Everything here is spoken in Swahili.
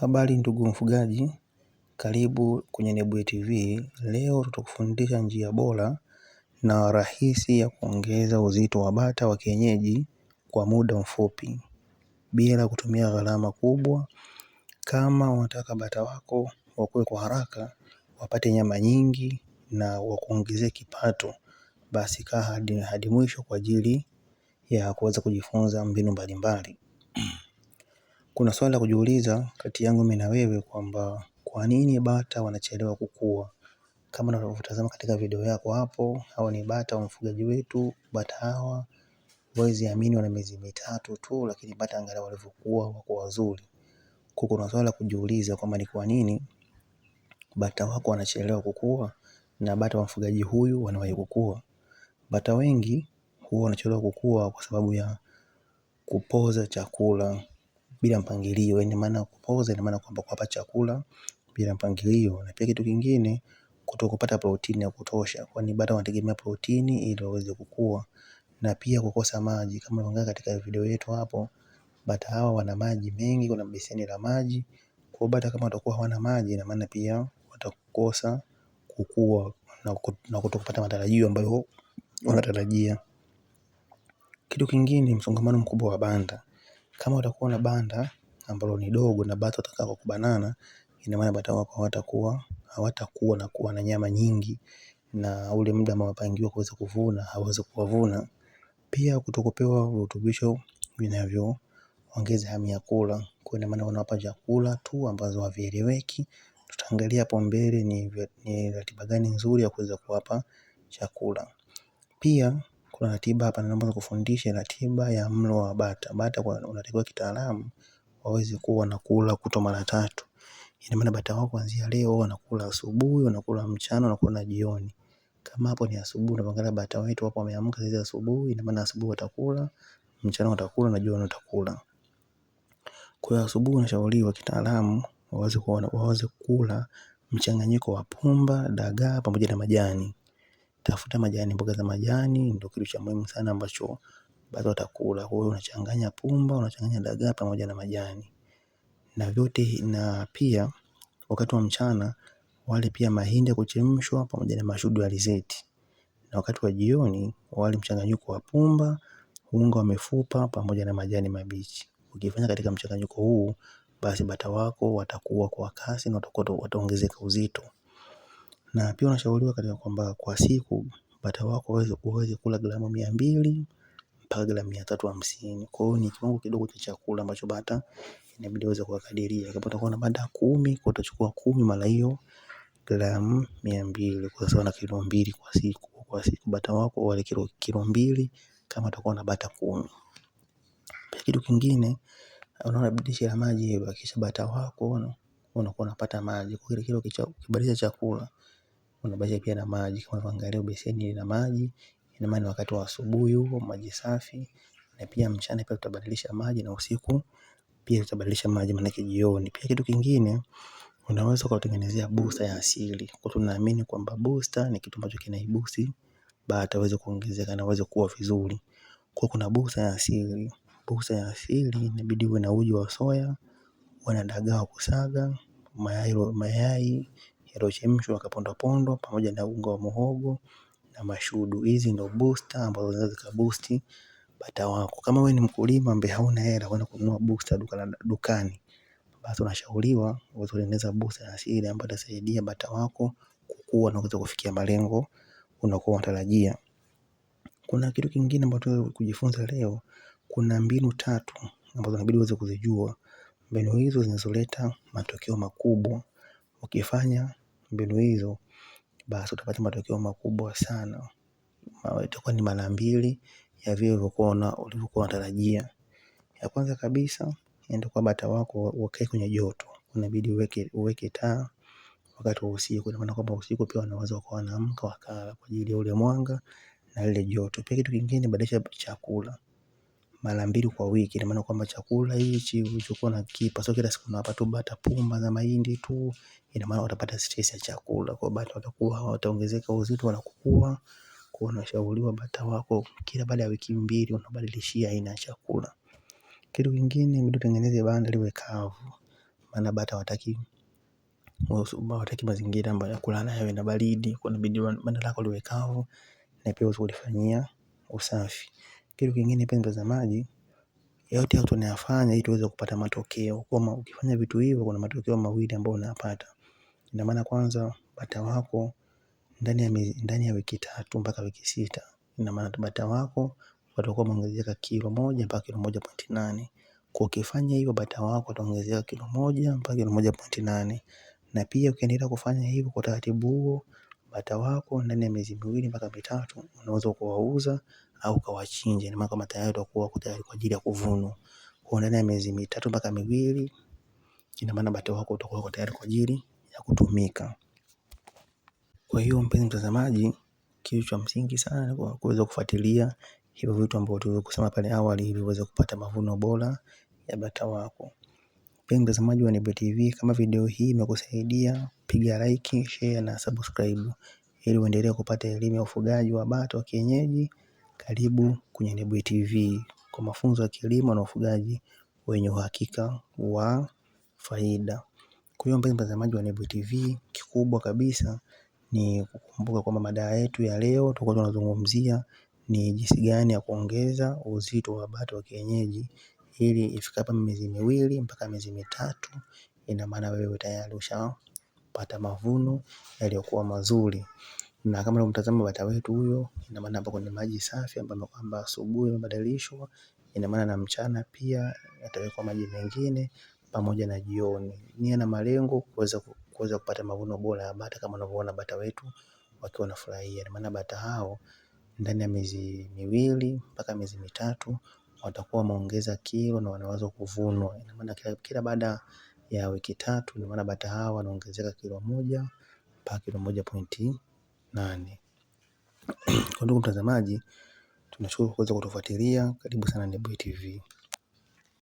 Habari ndugu mfugaji, karibu kwenye Nebuye TV. Leo tutakufundisha njia bora na rahisi ya kuongeza uzito wa bata wa kienyeji kwa muda mfupi bila kutumia gharama kubwa. Kama unataka bata wako wakue kwa haraka, wapate nyama nyingi na wakuongezee kipato, basi kaa hadi mwisho kwa ajili ya kuweza kujifunza mbinu mbalimbali. Kuna swali la kujiuliza kati yangu mimi na wewe kwamba kwa nini bata wanachelewa kukua? Kama unavyotazama katika video yako hapo, hao ni bata wa mfugaji wetu, bata hawa huwezi amini wana miezi mitatu tu lakini bata angalau walivyokuwa wako wazuri. Kuna swali la kujiuliza kwamba ni kwa nini bata wako wanachelewa kukua na bata wa mfugaji huyu wanawahi kukua. Bata wengi huwa wanachelewa kukua kwa sababu ya kupoza chakula bila mpangilio ina yaani maana kupooza ina maana kwamba kuwapa chakula bila mpangilio na pia kitu kingine kutokupata protini ya kutosha kwani bata wanategemea protini ili waweze kukua na pia kukosa maji kama unavyoona katika video yetu hapo bata hawa wana maji mengi kuna beseni la maji kwa bata kama watakuwa hawana maji ina maana pia watakosa kukua na kutokupata matarajio ambayo wanatarajia kitu kingine msongamano mkubwa wa banda kama utakuwa na banda ambalo ni dogo na bata watakaa kwa kubanana, ina maana bata wako hawatakuwa hawatakuwa na kuwa na nyama nyingi na ule muda ambao wamepangiwa kuweza kuvuna hauwezi kuwavuna. Pia kutokupewa virutubisho vinavyoongeza hamu ya kula, kwa ina maana unawapa chakula tu ambazo havieleweki. Tutaangalia hapo mbele ni ratiba gani nzuri ya kuweza kuwapa chakula. Pia kuna ratiba hapa naomba nikufundishe ratiba ya mlo wa bata. Bata unatakiwa kitaalamu waweze kuwa wanakula kuto mara tatu. Ina maana bata wako kuanzia leo wanakula asubuhi, wanakula mchana, wanakula jioni. Kama hapo ni asubuhi, unaangalia bata wetu hapo wameamka sasa asubuhi, ina maana asubuhi watakula, mchana watakula na jioni watakula. Kwa hiyo asubuhi unashauriwa kitaalamu waweze kula mchanganyiko wa pumba, dagaa pamoja na majani tafuta majani, mboga za majani ndio kitu cha muhimu sana ambacho bado watakula. Kwa hiyo unachanganya pumba, unachanganya dagaa pamoja na majani na vyote, na pia wakati wa mchana wale pia mahindi ya kuchemshwa pamoja na mashudu ya alizeti, na wakati wa jioni wale mchanganyiko wa pumba, unga wa mifupa pamoja na majani mabichi. Ukifanya katika mchanganyiko huu, basi bata wako watakuwa kwa kasi na watakuwa wataongezeka uzito na pia unashauriwa katika kwamba kwa siku bata wako uweze kula gramu mia mbili mpaka gramu mia tatu hamsini. Kwa hiyo ni kiwango kidogo cha chakula ambacho bata inabidi uweze kuwakadiria. Kama utakuwa na bata kumi, kwa utachukua kumi mara hiyo gramu mia mbili kwa sawa na kilo mbili kwa siku. Kwa siku bata wako wale kilo, kilo mbili kama utakuwa na bata kumi. Kitu kingine unaona dishi la maji, hakikisha bata wako unakuwa unapata maji kwa kile kilo kibadilisha chakula unabakia pia na maji kama unavyoangalia beseni lina maji ina maana ni wakati wa asubuhi huo maji safi na pia mchana pia tutabadilisha maji na usiku pia tutabadilisha maji maanake jioni. Pia kitu kingine unaweza ukawatengenezea busta ya asili kwa tunaamini kwamba busta ni kitu ambacho kinaibusi bata waweze kuongezeka na waweze kuwa vizuri. Kwa kuna busta ya asili, busta ya asili inabidi uwe na uji wa soya, uwe na dagaa wa kusaga, mayai yaliyochemshwa yakapondwapondwa pamoja na unga wa muhogo na mashudu. Hizi ndo booster ambazo zinaweza zikabusti bata wako. Kama wewe ni mkulima ambaye hauna hela kwenda kununua booster dukani, basi unashauriwa uweze kutengeneza booster ya asili ambayo itasaidia bata wako kukua na kuweza kufikia malengo unakuwa unatarajia. Kuna kitu kingine ambacho tunaweza kujifunza leo, kuna mbinu tatu ambazo inabidi uweze kuzijua. Mbinu hizo zinazoleta matokeo makubwa ukifanya mbinu hizo, basi utapata matokeo makubwa sana. Itakuwa ni mara mbili ya vile ulivyokuwa unatarajia. Ya kwanza kabisa enda yaani kwa bata wako wakae kwenye joto, inabidi uweke taa wakati wa usiku. Ina maana kwamba usiku pia wanaweza wakawa wanaamka wakala kwa ajili ya ule mwanga na lile joto. Pia kitu kingine badilisha chakula, mara mbili kwa wiki. Ina maana kwamba chakula hichi ulichokuwa unakipa sio kila siku unawapa tu bata pumba za mahindi tu, ina maana watapata stress ya chakula, kwa bata watakuwa wataongezeka uzito, wanakukua. Kwa unashauriwa bata wako kila baada ya wiki mbili unabadilishia aina ya chakula. Kitu kingine inabidi utengeneze banda liwe kavu, maana bata hawataki wataki mazingira ambayo ya kulala yawe na baridi, kwa hiyo inabidi banda lako liwe kavu na pia uweze usafi. Kitu kingine pia mtazamaji, yote hayo tunayafanya ili tuweze kupata matokeo. Kwa ukifanya vitu hivyo, kuna matokeo mawili ambayo unayapata. Ina maana kwanza, bata wako ndani ya ndani ya wiki tatu mpaka wiki sita, ina maana bata wako watakuwa wameongezeka kilo moja mpaka kilo moja pointi nane. Kwa ukifanya hivyo, bata wako wataongezeka kilo moja mpaka kilo moja pointi nane. Na pia ukiendelea kufanya hivyo kwa utaratibu huo, bata wako ndani ya miezi miwili mpaka mitatu unaweza kuwauza au kawachinje, ni maana kama tayari utakuwa tayari kwa ajili ya kuvunwa. Kwa ndani ya miezi mitatu mpaka miwili, ina maana bata wako utakuwa tayari kwa ajili ya kutumika. Kwa hiyo mpenzi mtazamaji, kitu cha msingi sana kwa kuweza kufuatilia hivyo vitu ambavyo tulivyosema pale awali ili uweze kupata mavuno bora ya bata wako. Mpenzi mtazamaji wa Nebuye TV, kama video hii imekusaidia, piga like, share na subscribe ili uendelee kupata elimu ya ufugaji wa bata wa kienyeji karibu kwenye Nebuye TV kwa mafunzo ya kilimo na ufugaji wenye uhakika wa faida. Kwa hiyo mpenzi mtazamaji wa Nebuye TV, kikubwa kabisa ni kukumbuka kwamba mada yetu ya leo tulikuwa tunazungumzia ni jinsi gani ya kuongeza uzito wa bata wa kienyeji ili ifikapo miezi miwili mpaka miezi mitatu, ina maana wewe tayari ushapata mavuno yaliyokuwa mazuri. Na kama unamtazama bata wetu huyo, ina maana hapo kuna maji safi ambayo kwamba asubuhi imebadilishwa, ina maana na mchana pia yatawekwa maji mengine pamoja na jioni. Nia na malengo kuweza kuweza kupata mavuno bora ya bata kama unavyoona bata wetu wakiwa wanafurahia. Maana bata hao ndani ya miezi miwili mpaka miezi mitatu watakuwa wameongeza kilo na wanaweza kuvunwa. Ina maana kila, kila baada ya wiki tatu ina maana bata hao wanaongezeka kilo moja mpaka kilo moja pointi nane. Kwa ndugu mtazamaji, tunashukuru kuweza kutufuatilia. Karibu sana Nebuye TV.